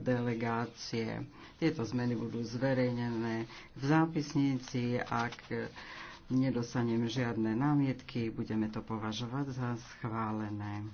delegácie. Tieto zmeny budú zverejnené v zápisnici. Ak nedostaneme žiadne námietky, budeme to považovať za schválené.